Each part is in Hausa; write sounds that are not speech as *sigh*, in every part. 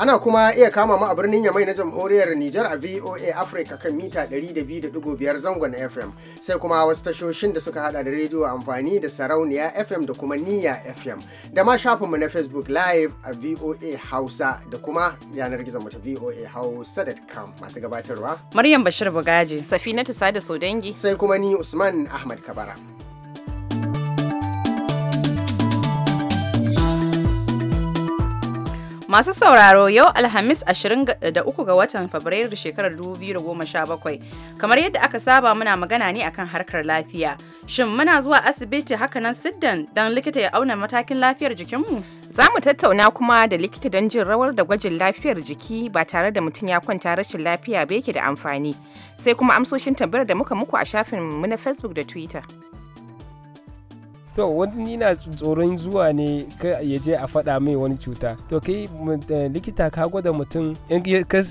Ana kuma iya kama mu a birnin Yamai na jamhuriyar Nijar a VOA Africa kan mita 200.5 zangon FM sai kuma wasu tashoshin da suka hada da rediyo amfani da sarauniya FM da kuma niya FM da ma shafinmu na Facebook Live a VOA Hausa da kuma yanar gizon mu ta VOA Hausa.com masu gabatarwa. Maryam Bashir Bugaji, Safinatu Sada Sodangi. Sai kuma ni Usman Ahmad Kabara. Masu sauraro yau Alhamis 23 ga watan Fabrairu shekarar 2017. Kamar yadda aka saba muna magana ne akan harkar lafiya. Shin muna zuwa asibiti hakanan siddan don likita ya auna matakin lafiyar jikinmu? Za mu tattauna kuma da likita don jin rawar da gwajin lafiyar jiki ba tare da mutum ya kwanta rashin lafiya ba yake da amfani. Sai kuma amsoshin tambayar da muka muku a shafin mu na Facebook da Twitter. to wani na tsoron zuwa ne ya je a faɗa mai wani cuta to kai eh, likita ka gwada mutum ka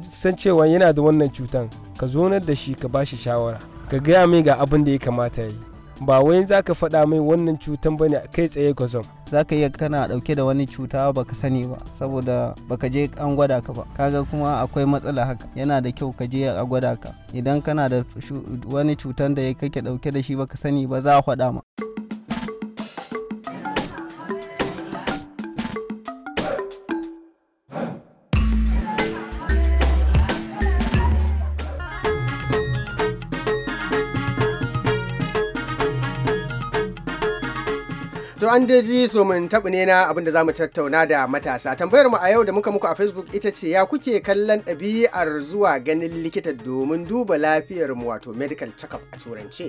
san cewa yana da wannan cutan ka zonar da shi ka ba shi shawara ka gaya mai ga abin da ya kamata yi ba wai za ka faɗa mai wannan cutan ba ne kai tsaye zo za ka iya kana ɗauke da wani cuta ba ka sani ba saboda ba ka je an gwada ka ba kaga kuma akwai matsala haka yana da kyau ka je a gwada ka idan kana da wani cutan da kake ɗauke da shi ba ka sani ba za a faɗa ma. an daji so mun tabu ne na abin za mu tattauna da matasa. Tambayar mu a yau da muka muku a Facebook ita ce ya kuke kallon ɗabi'ar zuwa ganin likita domin duba lafiyar mu wato medical check-up a turance.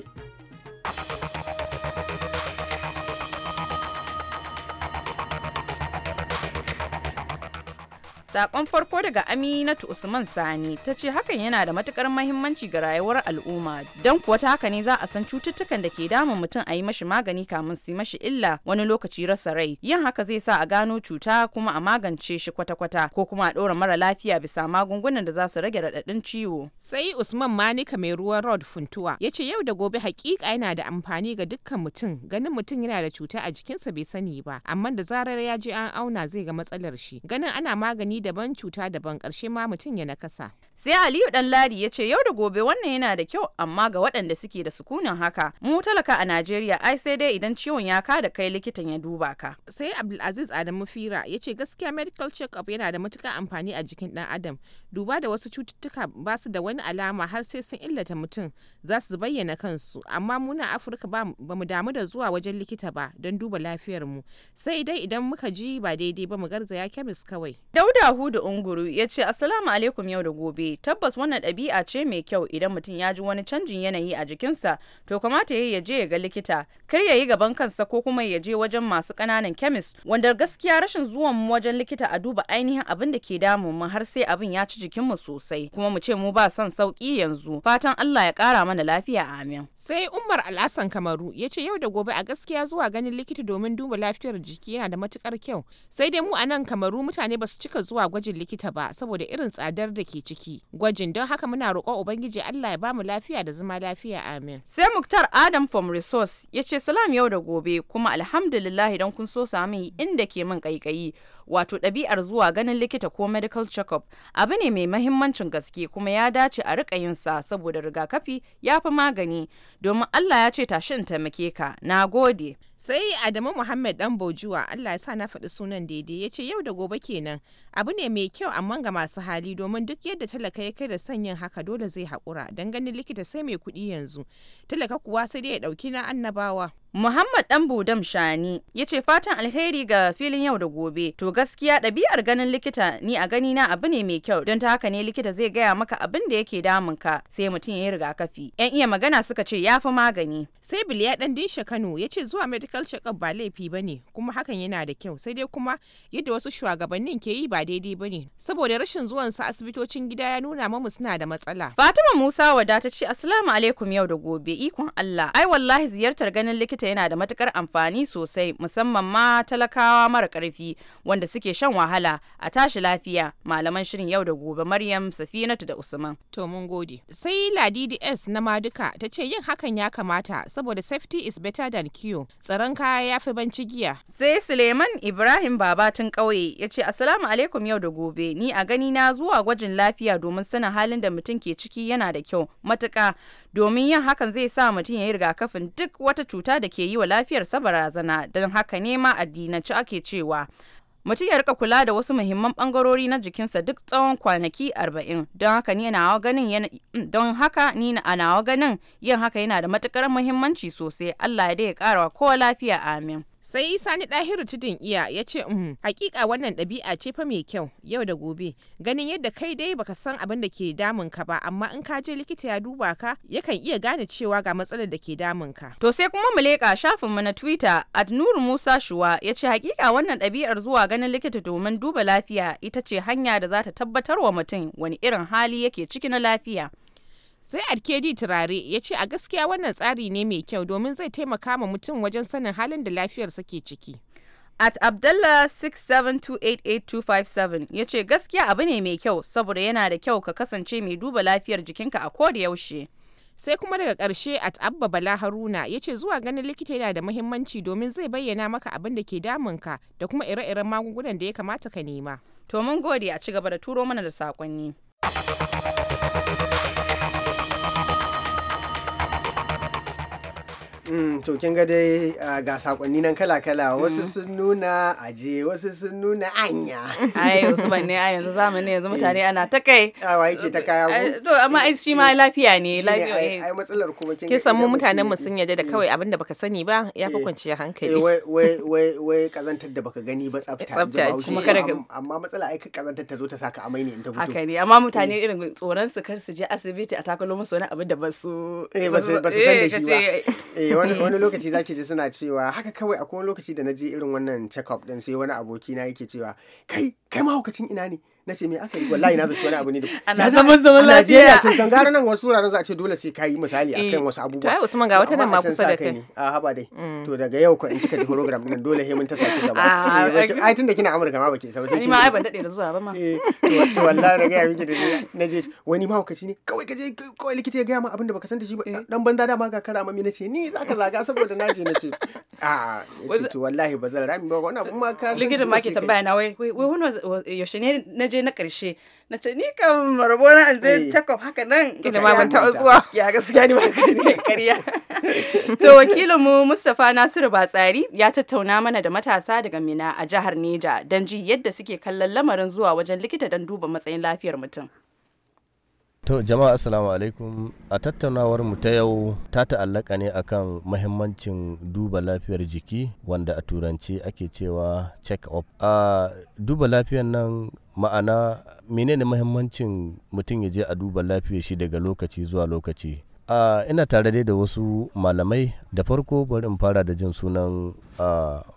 Sakon farko daga Aminatu Usman Sani ta ce hakan yana da matukar mahimmanci ga rayuwar al'umma don kuwa ta haka ne za a san cututtukan da ke damun mutum a yi mashi magani kamun su mashi illa wani lokaci rasa rai. Yin haka zai sa a gano cuta kuma a magance shi kwata-kwata ko kuma a ɗora mara lafiya bisa magungunan da za su rage raɗaɗin ciwo. Sai Usman Manika mai ruwan Rod Funtuwa ya ce yau da gobe hakika yana da amfani ga dukkan mutum ganin mutum yana da cuta a jikinsa bai sani ba amma da zarar ya je an auna zai ga matsalar shi ganin ana magani daban cuta daban karshe ma mutum ya nakasa. Sai Aliyu ladi ya ce yau da gobe wannan yana da kyau amma ga waɗanda suke da sukunin haka mu talaka a Najeriya ai sai dai idan ciwon ya ka da kai likitan ya duba ka. Sai Abdulaziz Adamu Fira ya ce gaskiya medical check up yana da matuƙar amfani a jikin ɗan adam duba da wasu cututtuka ba su da wani alama har sai sun illata mutum za su bayyana kansu amma muna Afirka ba mu damu da zuwa wajen likita ba don duba lafiyar mu sai dai idan muka ji ba daidai ba mu garzaya kemis kawai. Dauda Hudu Unguru ya ce Assalamu alaikum yau da gobe tabbas wannan ɗabi'a ce mai kyau idan mutum ya ji wani canjin yanayi a jikinsa to kamata ya je ya ga likita kar ya yi gaban kansa ko kuma ya je wajen masu ƙananan kemis wanda gaskiya rashin zuwan mu wajen likita a duba ainihin abin da ke damun mu har sai abin ya ci jikin mu sosai kuma mu ce mu ba son sauki yanzu fatan Allah ya ƙara mana lafiya amin. Sai Umar Alhassan Kamaru ya ce yau da gobe a gaskiya zuwa ganin likita domin duba lafiyar jiki yana da matukar kyau sai dai mu a nan Kamaru mutane ba su cika zuwa zuwa gwajin likita ba saboda irin tsadar da ke ciki gwajin don haka muna roƙon ubangiji Allah ya bamu lafiya da zama lafiya amin sai muktar adam from resource ya ce salam yau da gobe kuma alhamdulillah idan kun so sami inda ke min kaikayi wato ɗabi'ar zuwa ganin likita ko medical check abu ne mai mahimmancin gaske kuma ya dace a riƙa yin sa saboda rigakafi ya fi magani domin Allah ya ce tashin taimake ka na gode sai Adamu Muhammad dan Bojuwa Allah ya sa na faɗi sunan daidai ya ce yau da gobe kenan abu ne mai kyau amma ga masu hali domin duk yadda talaka ya kai da sanyin haka dole zai haƙura don ganin likita sai mai kuɗi yanzu talaka kuwa sai dai ya ɗauki na annabawa Muhammad Dan Budam Shani ya ce fatan alheri ga filin yau da gobe. To gaskiya ɗabi'ar ganin likita ni a gani na abu ne mai kyau don ta haka ne likita zai gaya maka abin da yake damun ka sai mutum ya yi rigakafi. Yan iya magana suka ce ya fi magani. Sai Biliya ɗan Dinsha Kano ya ce zuwa medical check ba laifi ba ne kuma hakan yana da kyau sai dai kuma yadda wasu shugabannin ke yi ba daidai ba ne saboda rashin zuwan sa asibitocin gida ya nuna mamu suna da matsala. Fatima Musa wadata ce Assalamu alaikum yau da gobe ikon Allah. Ai wallahi ziyartar ganin likita ta yana da matukar amfani sosai musamman ma talakawa mara karfi wanda suke shan wahala a tashi lafiya malaman shirin yau da gobe Maryam Safinatu da Usman. To mun gode. Sai Ladidi S na Maduka ta ce yin hakan ya kamata saboda safety is better than cure. Tsaron kaya ya fi banci giya. Sai Suleiman Ibrahim Babatun ƙauye ya ce asalamu alaikum yau da gobe ni a gani na zuwa gwajin lafiya domin sanin halin da mutum ke ciki yana da kyau matuka domin yin hakan zai sa mutum ya yi rigakafin duk wata cuta da ke yi wa lafiyarsa barazana don haka ne ma addinanci ake cewa mutum ya rika kula da wasu muhimman bangarori na jikinsa duk tsawon kwanaki arba'in don haka ni nawa ganin don haka ni nawa ganin yin haka yana da matukar muhimmanci sosai Allah ya dai ya kara wa kowa lafiya amin sai sani ɗahiru tudun iya ya ce mm, hakika wannan ɗabi'a ce fa mai kyau yau da gobe ganin yadda kai dai baka san abin da ke damun ka ba amma in ka je likita ya duba ka yakan iya gane cewa ga matsalar da ke damun ka to sai kuma mu leƙa shafin mu na twitter at nuru musa shuwa ya ce hakika wannan ɗabi'ar zuwa ganin likita domin duba lafiya ita ce hanya da za ta tabbatar wa mutum wani irin hali yake ciki na lafiya sai alkedi turare ya ce a gaskiya wannan tsari ne mai kyau domin zai taimaka ma mutum wajen sanin halin da lafiyarsa ke ciki at abdallah 67288257 ya ce gaskiya abu ne mai kyau saboda yana da kyau ka kasance mai duba lafiyar jikinka a da yaushe sai kuma daga karshe at abba bala haruna ya ce zuwa ganin likita yana da muhimmanci domin zai bayyana maka abin da ke damunka da kuma ire-iren magungunan da ya kamata ka nema to mun gode a ci gaba da turo mana da saƙonni Mm, to kin ga dai ga sakonni nan kala-kala wasu mm. sun nuna aje wasu sun nuna anya. *laughs* Ai wasu ban ne a yanzu zamani yanzu mutane eh. ana ta kai. Awa yake ta kaya ku. To amma ai shi ma lafiya ne lafiya ne. Eh. Ai matsalar kuma kin ga. samu mutanen mu sun yaje da mm. kawai abin da baka sani ba ya fi eh. kwanciyar hankali. Wai wai wai wai kazantar da baka gani ba tsafta. Tsafta ce. Amma matsala ai kazantar ta zo ta saka amai ne in ta fito. Haka ne amma mutane irin tsoron su kar su je asibiti a takalo musu wani abin da ba su. Eh ba su san da shi ba. Eh, wani wani lokaci zaki ji suna cewa haka kawai akwai wani lokaci da na je irin wannan check up din sai wani aboki na yake cewa kai kai mahaukacin ina ne na ce me aka yi wallahi na zaci wani abu ne da ana zaman zaman lafiya a Najeriya kin san gara nan wasu wuraren za a ce dole sai kai misali kan eh. wasu abubuwa to Usman ga wata nan ma kusa da kai a haba dai mm. to daga yau ko in kika ji program din dole he mun ta saki gaba ah, eh, ai tunda kina Amurka ma baki sai ni ma ai ban dade da zuwa ba ma eh, to wallahi daga ya miki da na je wani mahaukaci ne kawai ka kawai likita ya ga ma abin da baka san da shi ba dan banza da ma ga kara mami ce ni zaka zaga saboda na je ce ah, a to wallahi ba zan rami ba wannan abun ma ka likita ma ke tambaya na wai wai wani yaushe ne na je na karshe na ce ni kan marabo na an je check haka nan ina ma ban taɓa zuwa ya gaskiya ni ba karya. *laughs* to wakilin Mustapha Nasiru Batsari ya tattauna mana da matasa daga Mina a jihar Neja don ji yadda suke kallon lamarin zuwa wajen likita don duba matsayin lafiyar mutum. To jama'a assalamu alaikum a tattaunawar mu ta yau ta ta'allaka ne akan mahimmancin duba lafiyar jiki wanda a turanci ake cewa check up. A duba lafiyar nan ma'ana menene mahimmancin mutum ya je a duba lafiyar shi daga lokaci zuwa lokaci. A ina tare dai da wasu malamai da farko bari in fara da jin sunan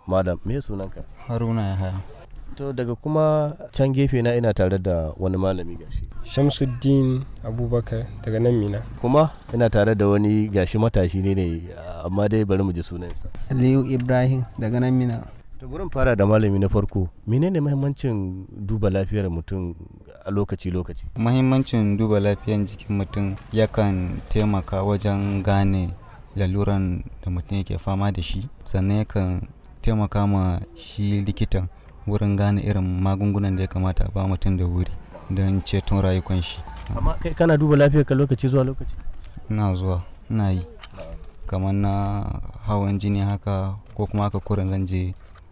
malam me sunanka? Haruna ya haya. to daga kuma can gefe na ina tare da wani malami gashi shamsuddin abubakar daga nan mina kuma ina tare da wani gashi matashi ne ne amma dai bari mu ji sunansa aliyu ibrahim daga nan mina to gurin fara da malami na farko menene mahimmancin duba lafiyar mutum a lokaci-lokaci mahimmancin duba lafiyar jikin mutum yakan taimaka wajen gane laluran da mutum yake fama da shi sannan yakan taimaka ma shi likitan wurin gane irin magungunan da ya kamata a ba mutum da wuri don ceton rayukan shi amma kai kana duba lafiyar ka lokaci zuwa lokaci ina zuwa ina yi kamar na hawan jini haka ko kuma haka kurin zan je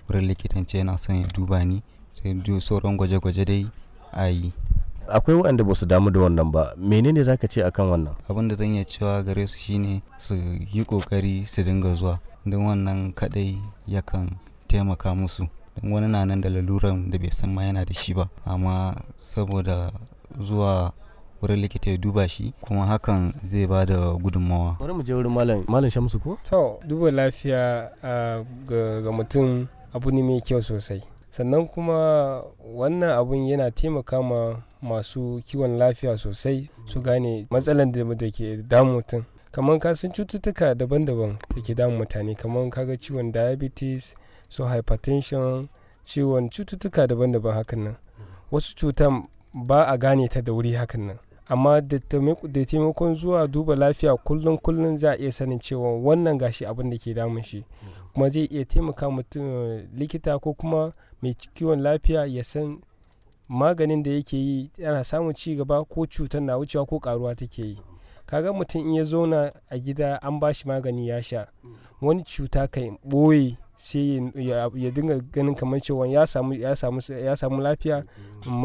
wurin likitance yana son ya duba ni sai sauran gwaje-gwaje dai a yi akwai waɗanda ba su damu da wannan ba menene za ka ce akan wannan abin da zan iya cewa gare su shine su yi ƙoƙari su dinga zuwa don wannan kaɗai yakan taimaka musu don wani na nan da laluran da bai san ma yana da shi ba amma saboda zuwa wurin likita ya duba shi kuma hakan zai ba da gudunmawa bari mu je wurin malam malam shamsu ko to duba lafiya ga mutum abu ne mai kyau sosai sannan kuma wannan abun yana taimaka ma masu kiwon lafiya sosai su gane matsalar da ke damun mutum kamar ka san cututtuka daban-daban da ke damun mutane kamar kaga ciwon diabetes su hypertension ciwon cututtuka daban-daban hakan nan wasu cutan ba a gane ta da wuri hakan nan amma da taimakon zuwa duba lafiya kullum kullum za a iya sanin cewa wannan gashi abin da ke damun shi kuma zai iya taimaka mutum eh, likita ko kuma mai kiwon lafiya ya san maganin da yake yi yana samun ci gaba ko cutar na wucewa ko karuwa take yi kaga mutum in ya zauna a gida an ba shi magani ya sha wani cuta kan ɓoye sai ya dinga ganin kamar cewa ya samu lafiya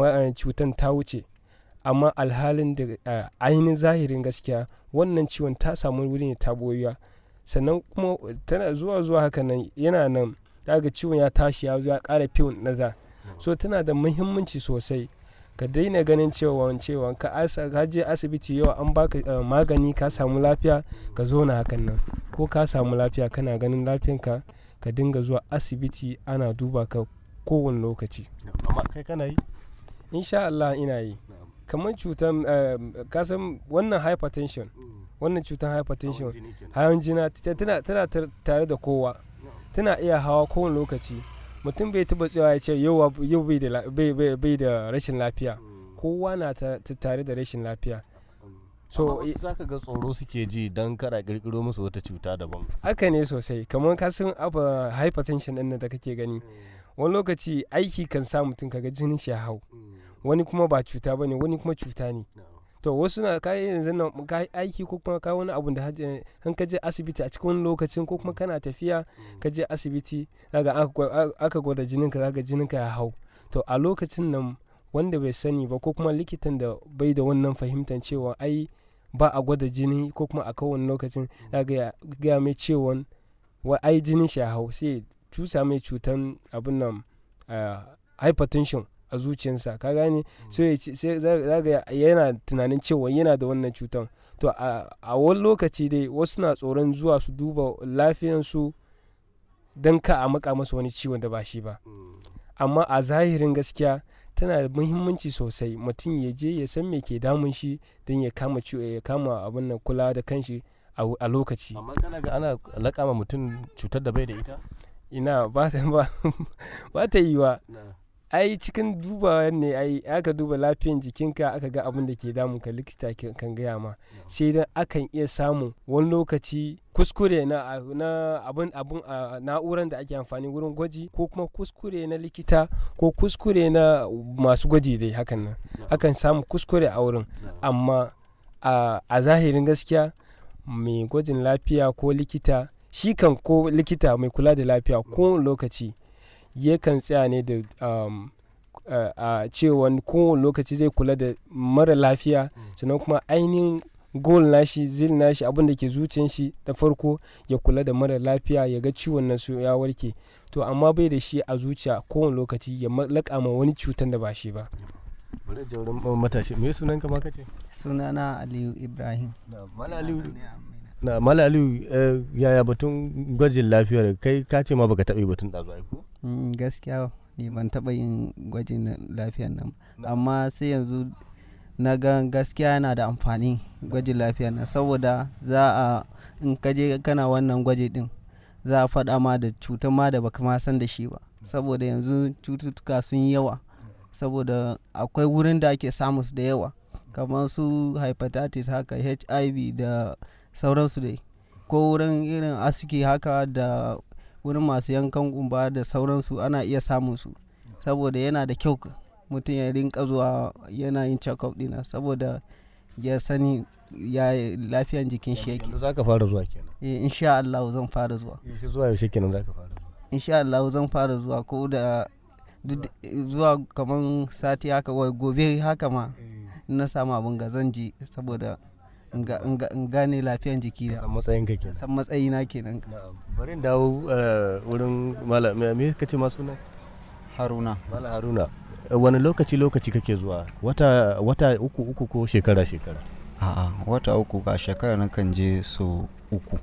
eh, cutan ta wuce amma alhalin da ainihin zahirin gaskiya wannan ciwon ta samu wuri ne ta boyuwa sannan kuma tana zuwa zuwa haka nan yana nan daga ciwon ya tashi ya zuwa kara fiwon naza so tana da muhimmanci sosai ka daina ganin cewa cewa ka je asibiti yau an baka eh, magani ka samu lafiya ka zo na hakan nan ko ka samu lafiya kana ganin lafiyanka ka dinga zuwa asibiti ana duba ka kowane lokaci amma kai kana yi insha Allah ina yi kamar cutar ehm, kasan wannan hypertension mm. wannan cutar hypertension hawan jina tana tare da kowa tana iya hawa kowane lokaci mutum bai taba cewa ya ce yau bai da rashin lafiya mm. kowa na tare da rashin lafiya so za ka ga tsoro suke ji don kara kirkiro musu wata cuta daban haka ne sosai kamar ka sun abu hypertension ɗin da kake gani mm. wani lokaci aiki kan sa mutum kaga jinin shi hau mm. wani kuma ba cuta bane wani kuma cuta ne to wasu na ka yanzu na aiki ko kuma ka wani abun da an eh, ka je asibiti a cikin wani lokacin ko kuma kana tafiya mm. ka je asibiti daga aka gwada jinin ka zaga jinin ka ya hau to a lokacin nan wanda bai sani ba ko kuma likitan da bai da wannan fahimtar cewa ai ba a gwada jini ko kuma a kowane lokacin za ga gaya mai cewa wa ai jini shi hau sai cusa mai cutan abin nan hypertension a zuciyarsa ka gane mm. sai za ga yana tunanin cewa yana da wannan cutan to a wani lokaci dai wasu na tsoron zuwa su duba lafiyansu don ka a maka masa wani ciwon da ba shi ba mm. amma a zahirin gaskiya tana da muhimmanci sosai mutum ya je ya san me ke damun shi don ya kama ya kama abin nan kula da kanshi a lokaci amma kana ga ana lakama mutum cutar da bai da ita ina ba ta ba *laughs* ba ta yi wa ai cikin dubawa ne ai aka duba lafiyan jikinka aka ga abin da ke damun ka likita kan gaya ma sai dan akan iya samun wani lokaci kuskure na na abun a na'uran da ake amfani wurin gwaji ko kuma kuskure na likita ko kuskure na masu gwaji dai hakan nan akan samu kuskure a wurin amma a zahirin gaskiya mai gwajin lafiya ko likita shi kan ko likita mai kula da lafiya ko lokaci yakan tsaya ne da um, a cewa kowane lokaci zai kula da mara lafiya sannan kuma ainihin gol nashi zil nashi abin da ke zuciyan shi da farko ya kula da mara lafiya ya ga ciwon nan su ya warke to amma bai da shi a zuciya kowane lokaci ya laƙa ma wani cutan da ba shi ba bari jaurin matashi me sunan ka maka ce sunana aliyu ibrahim na mala aliyu eh, yaya batun gwajin lafiyar kai ka ce ma baka taɓa batun ɗazu aiko mm, gaskiya ne ban taɓa yin gwajin lafiyar nan amma sai yanzu na ga gaskiya yana da amfani gwajin lafiya na saboda za a in kaje kana wannan gwaji din za a faɗa ma da cutar ma da baka ma san da shi ba saboda yanzu cututtuka sun yawa saboda akwai wurin da ake samu da yawa kamar su hepatitis haka hiv da sauransu dai ko wurin irin aski haka da wurin masu yankan kumba da sauransu ana iya samun su saboda yana da kyau mutum ya rinka zuwa yana yin check-up dina saboda ya sani ya lafiyan jikin shi yake za ka fara zuwa kenan eh insha Allah zan fara zuwa yaushe zuwa yaushe kenan za ka fara zuwa insha Allah zan fara zuwa ko da zuwa kamar sati haka wai gobe haka ma eh. na samu abin ga zan ji saboda in gane lafiyan jiki da san matsayin ka kenan san na kenan bari dawo eh, wurin malami me kace ma suna haruna mala haruna wani lokaci lokaci kake zuwa wata wata uku uku ko shekara shekara a wata uku a shekara na kan je so uku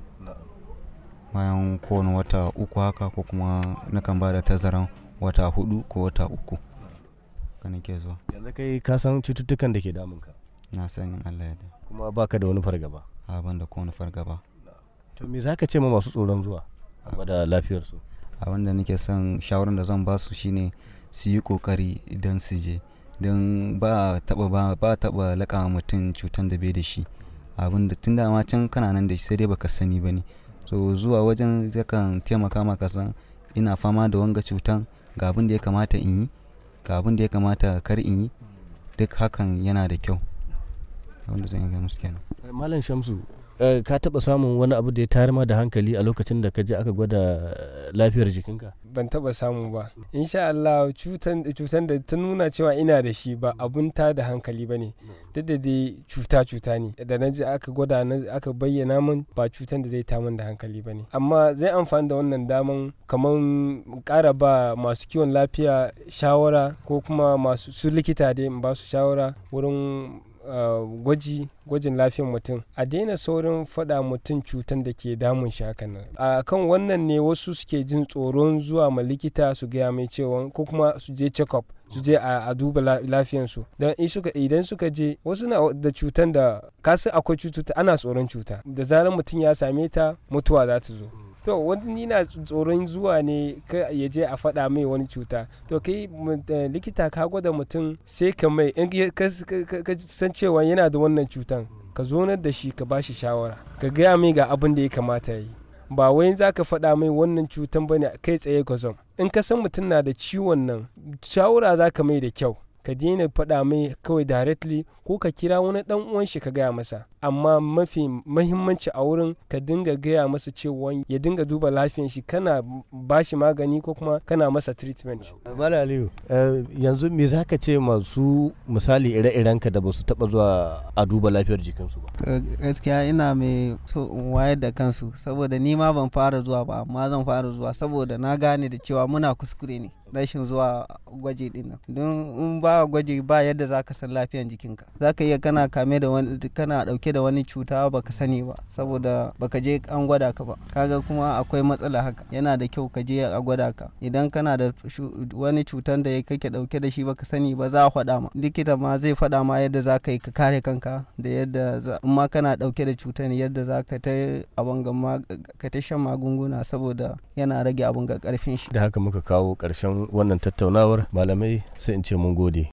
bayan kowane wata uku haka ko kuma na kan bada tazaran wata hudu ko wata uku ka nake zuwa yanzu kai ka san cututtukan da ke damunka na san Allah ya kuma baka da wani fargaba a ban da kowane fargaba to me zaka ce ma masu tsoron zuwa da lafiyarsu abin da nake son shawaran da zan ba su shine su yi kokari don su je don ba taba ba ba laka mutum cutan da bai da shi abin da tun dama can kana nan da shi sai dai baka sani ba ne so zuwa wajen yakan taimaka maka san ina fama da wanga cutan ga abin da ya kamata in yi ga abin da ya kamata kar in yi duk hakan yana da kyau malam shamsu Eh, ka taba samun wani abu da ya tayar ma da hankali a lokacin da ka je aka gwada eh, lafiyar jikinka ban taba samu ba insha Allah cutan da ta nuna cewa ina da shi ba abun ta da hankali ba ne duk da dai cuta cuta ne da na je aka gwada aka bayyana min ba cutan da zai ta min da hankali ba ne amma zai amfani da wannan daman kamar kara ba masu kiwon lafiya shawara ko kuma masu su likita dai ba su shawara wurin Uh, gwaji gwajin lafiyan mutum a daina saurin faɗa mutum cutan da ke damun shi hakan nan a kan wannan ne wasu suke jin tsoron zuwa ma likita su gaya mai cewa ko kuma su je check up su je a duba lafiyansu don idan suka je wasu na da cutan da kasu akwai cututtuka ana tsoron cuta da zarar mutum ya same ta mutuwa za ta zo to wani na tsoron zuwa ne ya je a faɗa mai wani cuta to kai eh, likita ka gwada mutum sai ka mai ka san cewa yana da wannan cutan ka zonar da shi ka ba shi shawara ka gaya mai ga abin da ya kamata yi ba wai za ka faɗa mai wannan cutan ba ne kai tsaye ka in ka san mutum na da ciwon nan shawara za ka mai da kyau ka daina faɗa mai kawai directly ko ka kira wani ɗan uwan shi ka gaya masa amma mafi mahimmanci a wurin ka dinga gaya masa cewa ya dinga duba lafiyan shi kana ba shi magani ko kuma kana masa treatment malaliyu eh, yanzu me za ka ce masu misali ire-iren ka da ba su taba zuwa a duba lafiyar jikinsu ba eh, gaskiya ina mai so wayar da kansu saboda ni ma ban fara zuwa ba amma zan fara zuwa saboda na gane da cewa muna kuskure ne rashin zuwa gwaji din don in ba gwaji ba yadda za ka san lafiyan jikinka za ka iya kana kame da wani kana dauke da wani cuta ba ka sani ba saboda ba ka je an gwada ka ba kaga kuma akwai matsala haka yana da kyau ka je a gwada ka idan kana da wani cutan da kake dauke da shi ba ka sani ba za a faɗa ma likita ma zai faɗa ma yadda za ka yi ka kare kanka da yadda in ma kana dauke da cutan yadda za ka ta abin ka ta shan magunguna saboda yana rage abin ga karfin shi da haka muka kawo karshen wannan tattaunawar malamai sai in ce mun gode.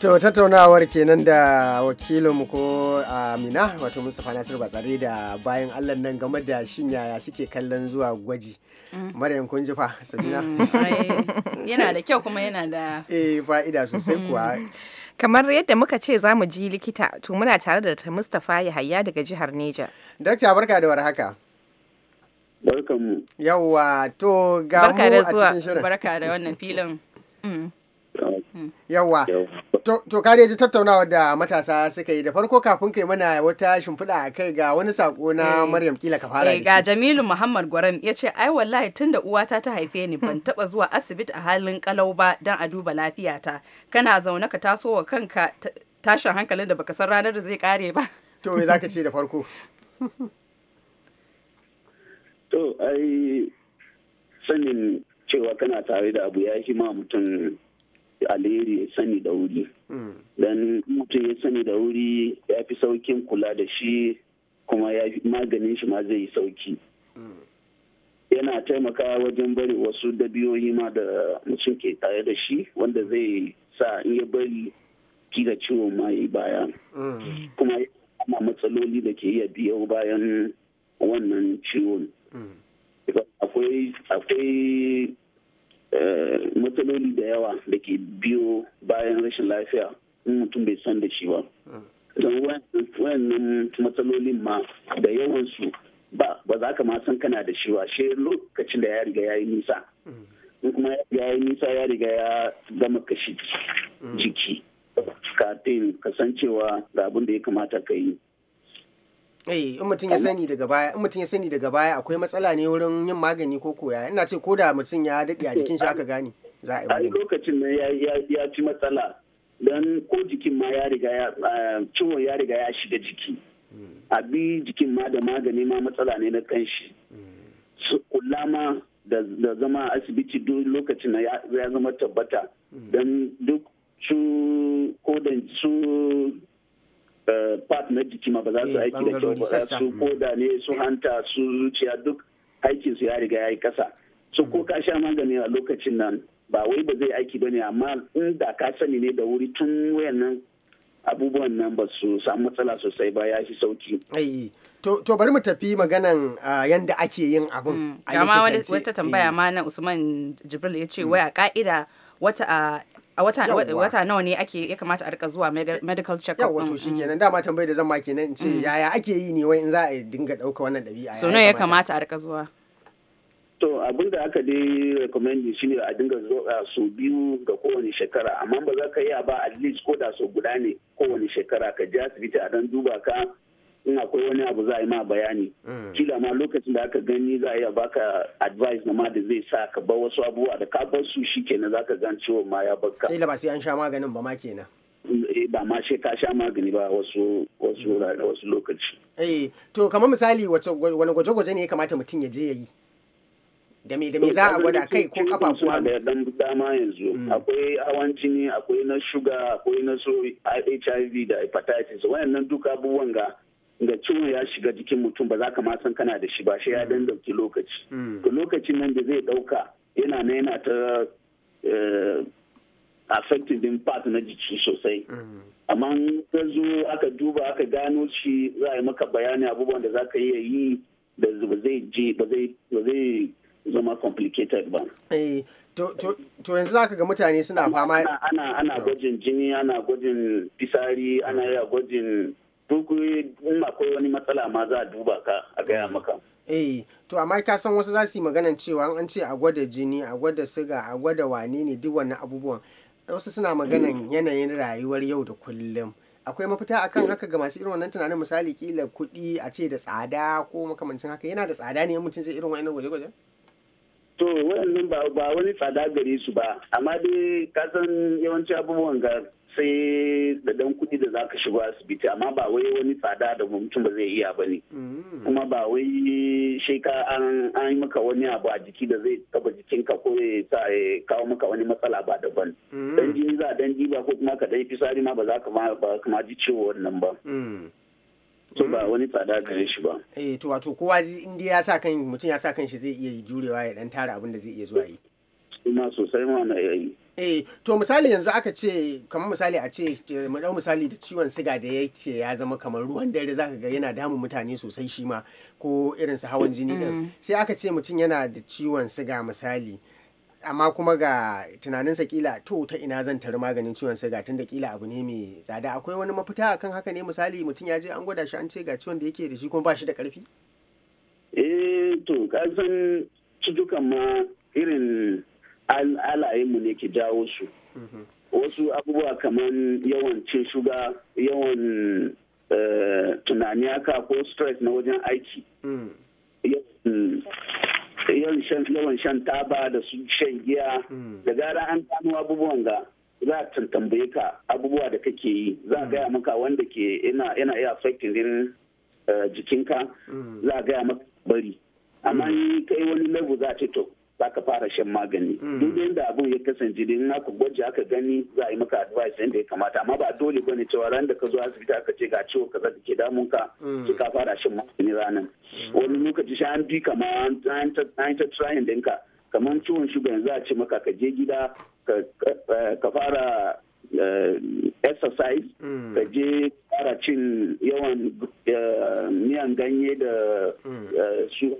To tattaunawar kenan da wakilinmu ko Amina wato Mustapha Nasir Batsare da bayan Allah nan game da shin yaya suke kallon zuwa gwaji. Mm. Maryam kun ji fa Sabina. Mm, yana da kyau kuma yana da. *laughs* Eh, fa'ida sosai kuwa. Mm. Kamar yadda muka ce za mu ji likita, to muna tare da Dr. Mustapha Yahaya daga jihar Neja. Dokta barka da warhaka. Barkanmu. Yawwa, to ga mu a cikin shirin. Barka da zuwa, barka da wannan filin. Mm. Yawwa. To kare ji tattaunawa da matasa suka yi da farko kafin kai mana wata shimfiɗa a kai ga wani sako na eh. Maryam kila ka fara eh, ga Jamilu Muhammad Gwaram ya ce ai wallahi da uwata ta haife ni ban taba zuwa asibiti a halin kalau ba don a duba lafiyata. Kana zaune ka taso wa kanka tashin hankalin da baka san ranar da zai kare ba. To me zaka ce da farko? *laughs* To ai sanin cewa kana tare da abu ya ma mutum alheri ya sani da wuri hmm. dan mutum ya sani da wuri ya fi saukin kula da shi kuma maganin shi ma zai yi sauki hmm. yana taimakawa wajen bari wasu dabiyoyi ma da mutum ke tare da shi wanda zai sa in ya bari kila ciwon ma yi baya hmm. kuma kama matsaloli da ke iya biyo bayan wannan ciwon akwai Eh, matsaloli da yawa da ke biyo bayan rashin lafiya in mutum bai san da shi ba don wayannan matsalolin ma da yawansu ba za ka ma san kana da shi ba shi lokacin da ya riga ya yi nisa in kuma ya yi nisa ya riga ya gama kashi jiki kafin kasancewa ga abin da ya kamata ka yi eh in mutum ya sani daga baya in mutum ya sani daga baya akwai matsala ne wurin yin magani ko koya ina ce ko da mutum ya daɗe a *laughs* jikin shi aka gane za a yi magani lokacin nan ya ci matsala don ko jikin ma ya riga ya ah, ciwon ya riga ya shiga jiki hmm. a bi jikin ma da magani ma matsala ne na kanshi hmm. kulama da zama asibiti duk lokacin ya zama tabbata hmm. don duk su da su Eh, part na jiki ma ba za su eh, aiki da kyau ba su koda ne su hanta su zuciya duk aikin su ya riga ya yi kasa su ko ka sha magani a lokacin nan ba wai ba zai aiki ba ne amma in da ka sani ne da wuri tun wayannan abubuwan nan ba su samu matsala sosai ba ya fi sauki. To, bari mu tafi maganan uh, yanda ake yin abun. Mm. Gama wata tambaya eh. ma na Usman Jibril ya ce wai a ka'ida wata a a wata nawa ne ake ya kamata a rika zuwa medical check up wato mm. shikenan dama tambayar da zan ma kenan ce mm. yaya ake yi ne wai in za a dinga dauka wannan dabi'a so nawa ya kamata a rika zuwa to abin da aka dai recommend shi ne a dinga zuwa so biyu ga kowane shekara amma ba za ka yi ba at least ko da so guda ne kowane shekara ka ji asibiti a dan duba ka in akwai wani abu za a yi ma bayani mm. kila ma lokacin da aka gani za a iya baka advice na ma da zai sa ka ba wasu abubuwa da ka bar su shi kenan za ka gan ciwon ma ya baka. kila ba sai an sha maganin ba ma kenan eh, ba ma sai ka sha magani ba wasu wasu mm. wasu lokaci eh to kamar misali wani gwaje-gwaje ne ya kamata mutum ya je ya yi da me da me eh, za a gwada kai ko kafa ko hannu da dan dama yanzu mm. akwai hawan jini akwai na shuga akwai na so HIV da hepatitis wayannan duka abubuwan ga ga ciwo ya shiga jikin mutum ba za ka ma san kana da shi ba shi ya dan dauki lokaci mm. to lokacin nan da zai dauka yana na yana ta eh, affecting din part na jiki sosai mm. amma ka zo aka duba aka gano shi za a yi maka bayani abubuwan da za ka iya yi da ba zai je ba zai zama complicated ba. Eh, to, yanzu za yanzu ga mutane suna fama ana gwajin jini ana gwajin fisari ana mm. gwajin duk in wani matsala ma za a duba ka a gaya maka eh, to amma ka san wasu za su yi maganan cewa an ce a gwada jini a gwada siga a gwada wane ne duk wannan abubuwan wasu suna maganan mm. yanayin rayuwar yau da kullum akwai mafita akan haka ga masu irin wannan tunanin misali kila kuɗi a ce da tsada ko makamancin haka yana da tsada ne mutum zai irin wa'annan gwaje-gwaje to wayannan ba wani tsada gare su ba amma dai ka san yawanci abubuwan ga sai da dan kudi da za ka shigo asibiti amma ba wai wani tsada da mutum ba zai iya ba ne mm. kuma ba wai shi ka an yi maka wani abu a jiki da zai taba jikinka ko ya kawo maka wani matsala ba daban dan mm. jini za dan ba ko kuma ka dai fisari ma ba za ka ma ji ciwo wannan ba mm. so ba wani tsada gare shi ba eh to wato kowa inda ya sa kan mutum ya sa kan shi zai iya jurewa ya dan tara abin da zai iya zuwa yi kuma sosai ma na yayi eh to misali yanzu aka ce kamar misali a ce mu dau misali da ciwon siga da yake ya zama kamar ruwan dare zaka ga yana damun mutane sosai shi ma ko irin su hawan jini din mm. sai aka ce mutum yana da ciwon siga misali amma kuma ga tunaninsa kila to ta ina zan tari maganin ciwon siga tun da kila abu ne mai tsada akwai wani mafita akan haka ne misali mutum ya je an gwada shi an ce ga ciwon da yake da shi kuma ba shi da karfi eh to kasan cutukan ma irin alayenmu ne ke jawo su wasu abubuwa kamar yawan cin shuga yawan eh, tunani haka ko stress na wajen aiki yawan shan taba da su shan giya da gara an gano abubuwan ga za a tambaye ka abubuwa da kake yi za a gaya maka wanda ke yana iya affecting din eh, jikinka za a gaya maka bari amma kai wani level za a ce to za ka fara shan magani hmm. duk yadda abin ya kasance da in ku gwaji aka gani za a yi maka advice yadda ya kamata amma ba dole bane cewa ran da ka zo asibiti aka ce ga ciwo kaza da ke damun ka ki hmm. ka fara shan magani ranan hmm. wani lokaci sai an bi kama an ta trying ɗinka kamar ciwon shuga yanzu a ce maka ka je gida ka eh, fara Eh, exercise mm. ka je fara cin yawan eh, miyan ganye da mm. eh, su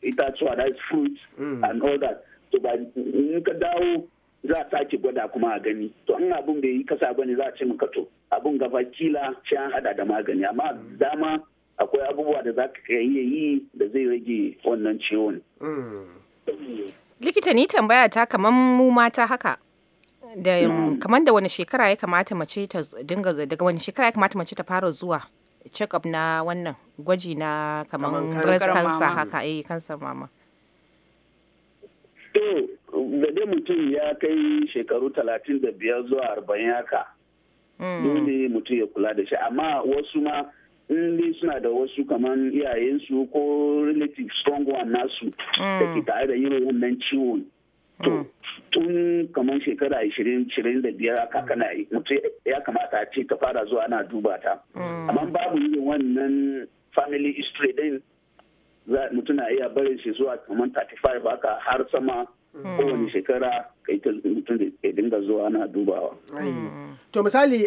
itatuwa da fruit mm. and all that to ba in ka dawo za a sake gwada kuma a gani to in abin bai yi kasa bane za a ce maka to abin gaba kila shi an hada da magani amma dama akwai abubuwa da za ka iya yi da zai rage wannan ciwon likita ni tambaya ta kamar mu mata haka da um, mm. kamar da wani shekara ya kamata mace ta dinga daga wani shekara ya kamata mace ta fara zuwa check up na wannan gwaji na kamar breast cancer haka eh cancer mama to da dai mutum ya kai shekaru talatin da biyar zuwa arba'in haka mm. dole mutum ya kula da shi amma wasu ma in suna da wasu kamar iyayensu ko relative strong one nasu da ke mm. tare da yin wannan ciwon to mm. tun kamar shekara ashirin 25 da aka mm. kana mutu ya kamata a ce ta fara zuwa ana duba ta mm. amma babu yin wannan family history din mutu na iya barin shi zuwa kamar 35 haka har sama kowane shekara kai ta dinga zuwa ana dubawa. To misali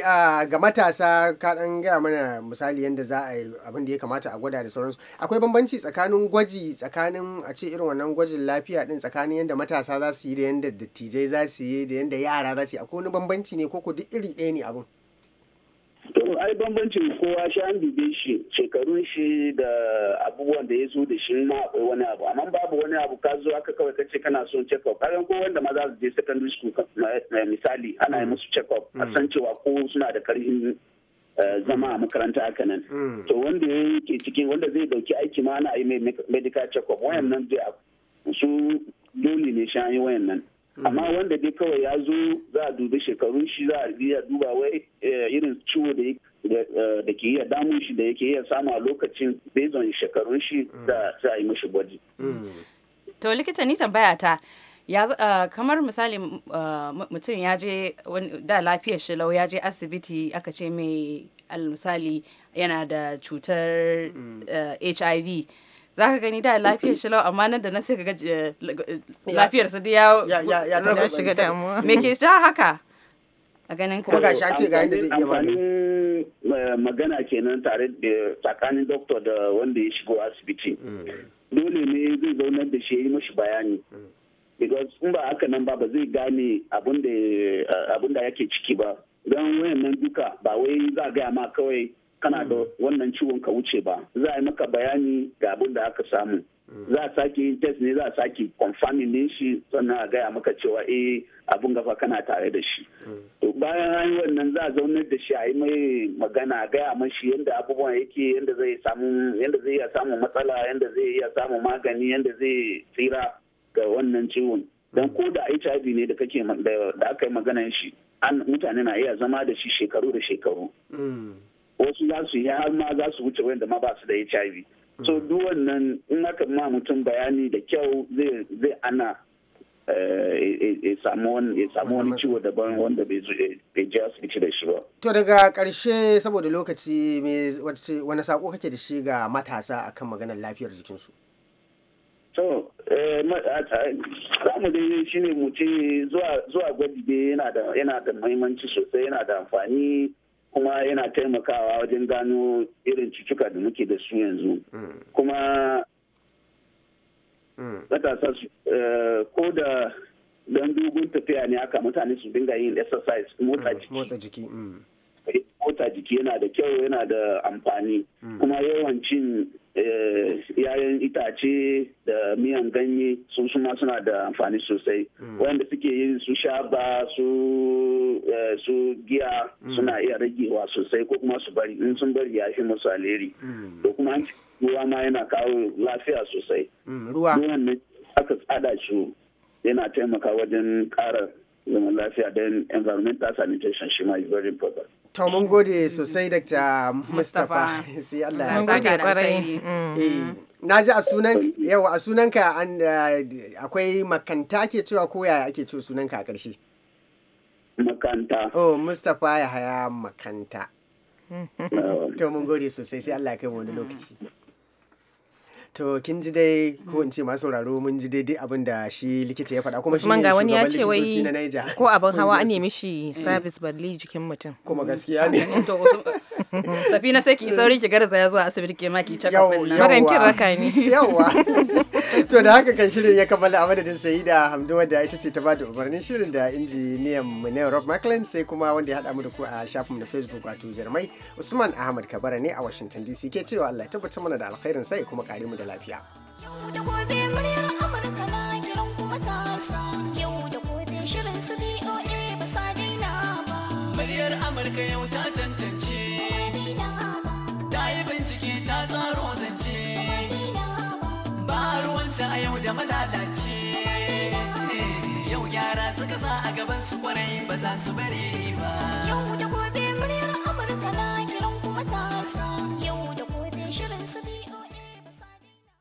ga matasa ka ɗan gaya mana misali yadda za a yi abin da ya kamata a gwada da sauransu. Akwai bambanci tsakanin gwaji tsakanin a ce irin wannan gwajin lafiya ɗin tsakanin yadda matasa za su yi da yadda dattijai za su yi da yadda yara za su yi akwai wani bambanci ne ku duk iri ɗaya ne abin. ai bambancin kowa shi an dube shi shekarun shi da abubuwan da ya zo da shi ma akwai wani abu amma babu wani abu ka zo aka kawai ka kace kana son check up kaga ko wanda ma za su je secondary school misali ana yi mm. musu check up a mm. san cewa ko suna da karfin eh, zama a makaranta haka nan mm. to wanda ya ke cikin wanda zai dauki aiki ma ana yi medical check up wayannan zai su dole ne shi an yi wayannan amma wanda dai kawai ya zo za a dubi shekarun shi za a iya duba wai eh, irin ciwo da eh, da ke iya damun shi da yake iya samu a lokacin bezon shekarun shi da za a yi mashi gwaji. To likita ni tambaya ta eh, kamar misali mutum ya je da lafiyar shi lau ya je asibiti aka ce mai misali yana da cutar HIV. za ka gani da *laughs* lafiyar shi lau amma nan da nan sai ka ga eh, eh, lafiyar sa ya ya shiga damuwa me ke sha haka a ganin ka ga gashi ce ga yadda zai iya bani eh, magana kenan tare da tsakanin doctor da wanda ya shigo asibiti mm. dole ne zai zaunar da shi ya yi mashi bayani mm. because in ba haka nan ba zai gane abin da yake ciki ba don wayannan duka ba wai za gaya ma kawai kana da wannan ciwon ka wuce ba za a yi maka bayani ga abin da aka samu za a sake yin test ne za a sake confirming din shi sannan a gaya maka cewa eh abin gafa kana tare da shi to bayan an yi wannan za a zaunar da shi a yi mai magana a gaya mashi yadda abubuwan yake yadda zai samu yadda zai iya samun matsala yadda zai iya samun magani yadda zai tsira ga wannan ciwon dan ko da HIV ne da kake da aka yi maganan shi an mutane na iya zama da shi shekaru da shekaru mm. wasu za su yi har ma za su wuce wanda ma ba su da hiv so mm. duk wannan in aka ma mutum bayani da kyau zai ana eh, ya samu wani ciwo daban wanda bai ji asibiti da shi ba. To daga karshe saboda lokaci wani sako kake da shi ga matasa akan maganar lafiyar jikinsu? To, samu eh, dai shi ne mutum zuwa gwaji yana da muhimmanci sosai yana da amfani kuma yana taimakawa wajen gano irin cutuka da muke da su yanzu kuma matasa eh, ko da don dogon tafiya ne aka mutane su dinga yin exercise motsa jiki mm. motsa jiki yana da kyau yana da amfani hmm. kuma yawancin cin eh, yayan itace da miyan ganye sun suma suna da amfani sosai hmm. wanda suke yin su shaba su eh, giya hmm. suna iya ragewa sosai ko kuma su bari in sun bari ya fi musu aleri da kuma ruwa ma yana kawo lafiya sosai ruwa nan aka tsada su yana taimaka wajen kara zaman lafiya don environmental sanitation shi ma is very to mun gode sosai dr mustapha *laughs* sai allah ya saka da kwarai mm. eh, na ji a sunan yau a sunanka eh, akwai makanta ke cewa ko yaya ake cewa sunanka a ƙarshe makanta oh mustapha ya haya makanta mm. to mun gode sosai sai allah ya kai wani lokaci to kin ji dai ko in ce masu sauraro mun ji daidai abin da shi likita ya faɗa kuma shi ne wani ya na wai ko abin hawa an nemi shi service balli jikin mutum kuma gaskiya ne *laughs* safina sai ki saurin ki ya zuwa asibiti ke maki ki check up din nan kin raka ni yawa *laughs* to da haka kan shirin ya kammala a madadin Sayida Hamdu wadda ita ce ta ba da umarnin shirin da injiniyan mu ne Rob Macklin sai kuma wanda ya hada mu da ku a shafin da Facebook wato Jarmai Usman Ahmad Kabara ne a Washington DC ke cewa Allah ya tabbatar mana da alkhairin sai kuma kare mu da lafiya yau da gobe muryar Amurka na kiran kuma ta yau da gobe shirin su BOA ba sa daina ba muryar Amurka yau ta sa a yau da malalaci yau gyara suka sa a gaban su kwarai ba za su bari ba yau da gobe muryar amurka na kiran kuma ta